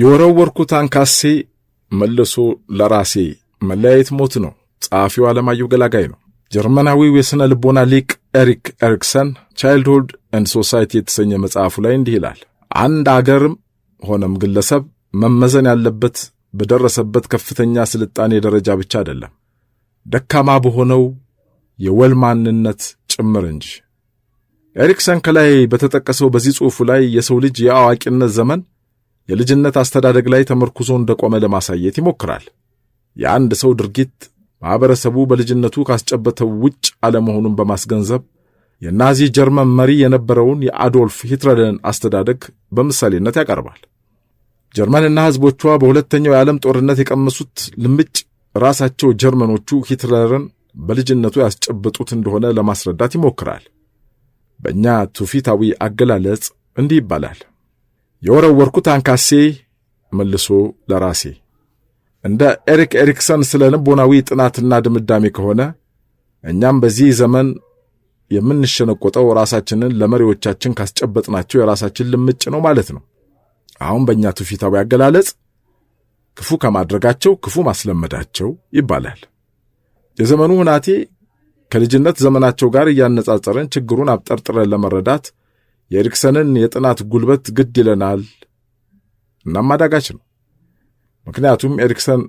የወረወርኩት አንካሴ መልሶ ለራሴ መለያየት ሞት ነው። ጸሐፊው አለማየሁ ገላጋይ ነው። ጀርመናዊው የሥነ ልቦና ሊቅ ኤሪክ ኤሪክሰን ቻይልድሁድ ኤንድ ሶሳይቲ የተሰኘ መጽሐፉ ላይ እንዲህ ይላል። አንድ አገርም ሆነም ግለሰብ መመዘን ያለበት በደረሰበት ከፍተኛ ስልጣኔ ደረጃ ብቻ አይደለም፣ ደካማ በሆነው የወል ማንነት ጭምር እንጂ። ኤሪክሰን ከላይ በተጠቀሰው በዚህ ጽሑፉ ላይ የሰው ልጅ የአዋቂነት ዘመን የልጅነት አስተዳደግ ላይ ተመርኩዞ እንደቆመ ለማሳየት ይሞክራል። የአንድ ሰው ድርጊት ማኅበረሰቡ በልጅነቱ ካስጨበተው ውጭ አለመሆኑን በማስገንዘብ የናዚ ጀርመን መሪ የነበረውን የአዶልፍ ሂትለርን አስተዳደግ በምሳሌነት ያቀርባል። ጀርመንና ሕዝቦቿ በሁለተኛው የዓለም ጦርነት የቀመሱት ልምጭ ራሳቸው ጀርመኖቹ ሂትለርን በልጅነቱ ያስጨበጡት እንደሆነ ለማስረዳት ይሞክራል። በእኛ ትውፊታዊ አገላለጽ እንዲህ ይባላል። የወረወርኩት አንካሴ መልሶ ለራሴ እንደ ኤሪክ ኤሪክሰን ስለ ልቦናዊ ጥናትና ድምዳሜ ከሆነ እኛም በዚህ ዘመን የምንሸነቆጠው ራሳችንን ለመሪዎቻችን ካስጨበጥናቸው የራሳችን ልምጭ ነው ማለት ነው። አሁን በእኛ ትውፊታዊ አገላለጽ ክፉ ከማድረጋቸው ክፉ ማስለመዳቸው ይባላል። የዘመኑ ሁናቴ ከልጅነት ዘመናቸው ጋር እያነጻጸርን ችግሩን አብጠርጥረን ለመረዳት የኤሪክሰንን የጥናት ጉልበት ግድ ይለናል። እናም አዳጋች ነው። ምክንያቱም ኤሪክሰን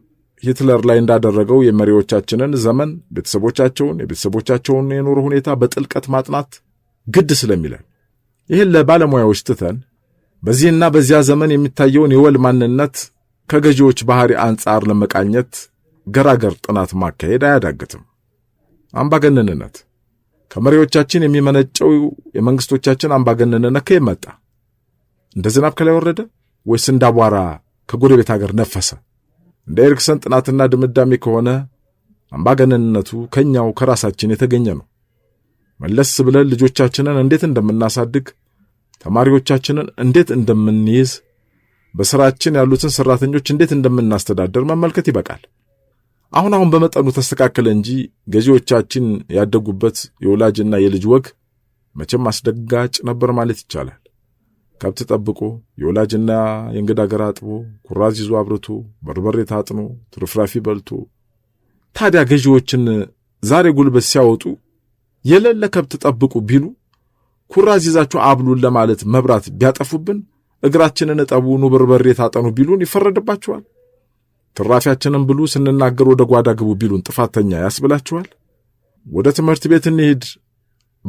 ሂትለር ላይ እንዳደረገው የመሪዎቻችንን ዘመን፣ ቤተሰቦቻቸውን፣ የቤተሰቦቻቸውን የኑሮ ሁኔታ በጥልቀት ማጥናት ግድ ስለሚለን ይህን ለባለሙያዎች ትተን በዚህና በዚያ ዘመን የሚታየውን የወል ማንነት ከገዢዎች ባህሪ አንጻር ለመቃኘት ገራገር ጥናት ማካሄድ አያዳግትም። አምባገነንነት ከመሪዎቻችን የሚመነጨው የመንግስቶቻችን አምባገነንነት ከየት መጣ? እንደ ዝናብ ከላይ ወረደ ወይስ እንደ አቧራ ከጎረቤት ሀገር ነፈሰ? እንደ ኤሪክሰን ጥናትና ድምዳሜ ከሆነ አምባገነንነቱ ከኛው ከራሳችን የተገኘ ነው። መለስ ብለን ልጆቻችንን እንዴት እንደምናሳድግ፣ ተማሪዎቻችንን እንዴት እንደምንይዝ፣ በስራችን ያሉትን ሰራተኞች እንዴት እንደምናስተዳደር መመልከት ይበቃል። አሁን አሁን በመጠኑ ተስተካከለ እንጂ ገዢዎቻችን ያደጉበት የወላጅና የልጅ ወግ መቼም አስደጋጭ ነበር ማለት ይቻላል። ከብት ጠብቆ የወላጅና የእንግዳ ገር አጥቦ ኩራዝ ይዞ አብርቶ በርበሬ ታጥኖ ትርፍራፊ በልቶ ታዲያ ገዢዎችን ዛሬ ጉልበት ሲያወጡ የሌለ ከብት ጠብቁ ቢሉ ኩራዝ ይዛችሁ አብሉን ለማለት መብራት ቢያጠፉብን እግራችንን እጠቡ ኑ በርበሬ ታጠኑ ቢሉን ይፈረድባችኋል። ትራፊያችንን ብሉ ስንናገር ወደ ጓዳ ግቡ ቢሉን ጥፋተኛ ያስብላችኋል? ወደ ትምህርት ቤት እንሂድ።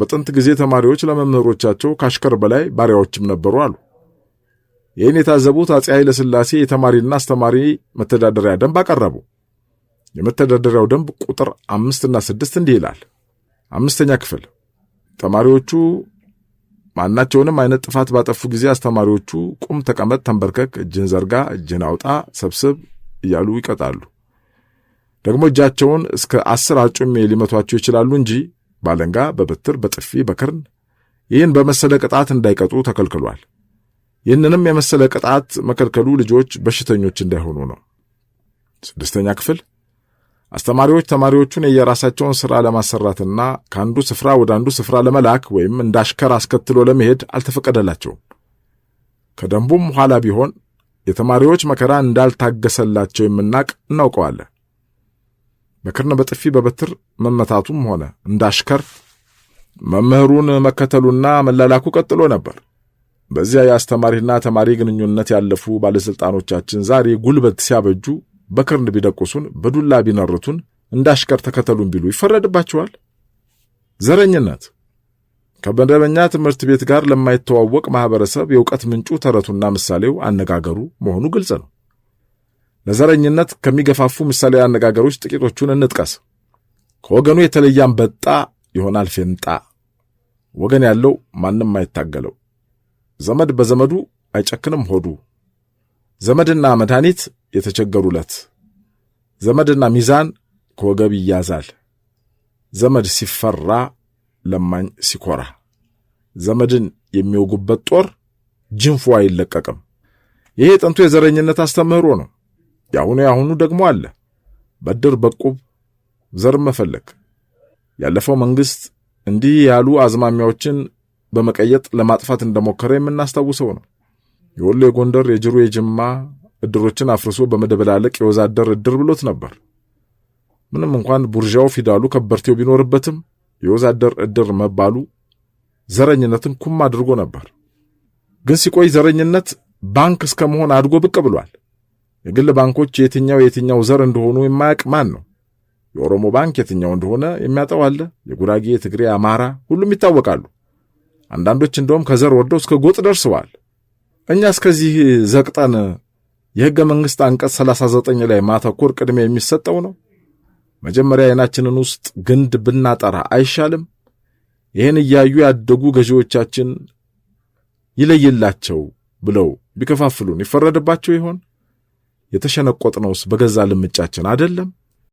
በጥንት ጊዜ ተማሪዎች ለመምህሮቻቸው ካሽከር በላይ ባሪያዎችም ነበሩ አሉ። ይህን የታዘቡት አፄ ኃይለ ሥላሴ የተማሪና አስተማሪ መተዳደሪያ ደንብ አቀረቡ። የመተዳደሪያው ደንብ ቁጥር አምስትና ስድስት እንዲህ ይላል። አምስተኛ ክፍል ተማሪዎቹ ማናቸውንም አይነት ጥፋት ባጠፉ ጊዜ አስተማሪዎቹ ቁም፣ ተቀመጥ፣ ተንበርከክ፣ እጅን ዘርጋ፣ እጅን አውጣ፣ ሰብስብ፣ እያሉ ይቀጣሉ። ደግሞ እጃቸውን እስከ አስር አጩሜ ሊመቷቸው ይችላሉ እንጂ ባለንጋ፣ በበትር፣ በጥፊ፣ በክርን ይህን በመሰለ ቅጣት እንዳይቀጡ ተከልክሏል። ይህንንም የመሰለ ቅጣት መከልከሉ ልጆች በሽተኞች እንዳይሆኑ ነው። ስድስተኛ ክፍል አስተማሪዎች ተማሪዎቹን የየራሳቸውን ሥራ ለማሰራትና ከአንዱ ስፍራ ወደ አንዱ ስፍራ ለመላክ ወይም እንዳሽከር አስከትሎ ለመሄድ አልተፈቀደላቸውም። ከደንቡም ኋላ ቢሆን የተማሪዎች መከራ እንዳልታገሰላቸው የምናቅ እናውቀዋለን። በክርን በጥፊ በበትር መመታቱም ሆነ እንዳሽከር መምህሩን መከተሉና መላላኩ ቀጥሎ ነበር። በዚያ የአስተማሪና ተማሪ ግንኙነት ያለፉ ባለሥልጣኖቻችን ዛሬ ጉልበት ሲያበጁ በክርን ቢደቁሱን፣ በዱላ ቢነርቱን፣ እንዳሽከር ተከተሉን ቢሉ ይፈረድባቸዋል። ዘረኝነት ከመደበኛ ትምህርት ቤት ጋር ለማይተዋወቅ ማኅበረሰብ የእውቀት ምንጩ ተረቱና ምሳሌው አነጋገሩ መሆኑ ግልጽ ነው። ለዘረኝነት ከሚገፋፉ ምሳሌያዊ አነጋገሮች ጥቂቶቹን እንጥቀስ። ከወገኑ የተለየ አንበጣ ይሆናል ፌንጣ። ወገን ያለው ማንም አይታገለው። ዘመድ በዘመዱ አይጨክንም ሆዱ። ዘመድና መድኃኒት የተቸገሩለት። ዘመድና ሚዛን ከወገብ ይያዛል። ዘመድ ሲፈራ ለማኝ ሲኮራ፣ ዘመድን የሚወጉበት ጦር ጅንፎ አይለቀቅም። ይሄ ጥንቱ የዘረኝነት አስተምህሮ ነው። የአሁኑ የአሁኑ ደግሞ አለ። በድር በቁብ ዘር መፈለግ። ያለፈው መንግስት እንዲህ ያሉ አዝማሚያዎችን በመቀየጥ ለማጥፋት እንደሞከረ የምናስታውሰው ነው። የወሎ፣ የጎንደር፣ የጅሩ፣ የጅማ እድሮችን አፍርሶ በመደበላለቅ የወዛደር እድር ብሎት ነበር። ምንም እንኳን ቡርዣው ፊዳሉ ከበርቴው ቢኖርበትም የወዛደር ዕድር መባሉ ዘረኝነትን ኩም አድርጎ ነበር። ግን ሲቆይ ዘረኝነት ባንክ እስከ መሆን አድጎ ብቅ ብሏል። የግል ባንኮች የትኛው የትኛው ዘር እንደሆኑ የማያውቅ ማን ነው? የኦሮሞ ባንክ የትኛው እንደሆነ የሚያጠው አለ? የጉራጌ፣ የትግሬ፣ አማራ ሁሉም ይታወቃሉ። አንዳንዶች እንደውም ከዘር ወርደው እስከ ጎጥ ደርሰዋል። እኛ እስከዚህ ዘቅጠን የሕገ መንግሥት አንቀጽ 39 ላይ ማተኮር ቅድሚያ የሚሰጠው ነው። መጀመሪያ አይናችንን ውስጥ ግንድ ብናጠራ አይሻልም? ይህን እያዩ ያደጉ ገዢዎቻችን ይለይላቸው ብለው ቢከፋፍሉን ይፈረድባቸው ይሆን? የተሸነቆጥነውስ በገዛ ልምጫችን አይደለም?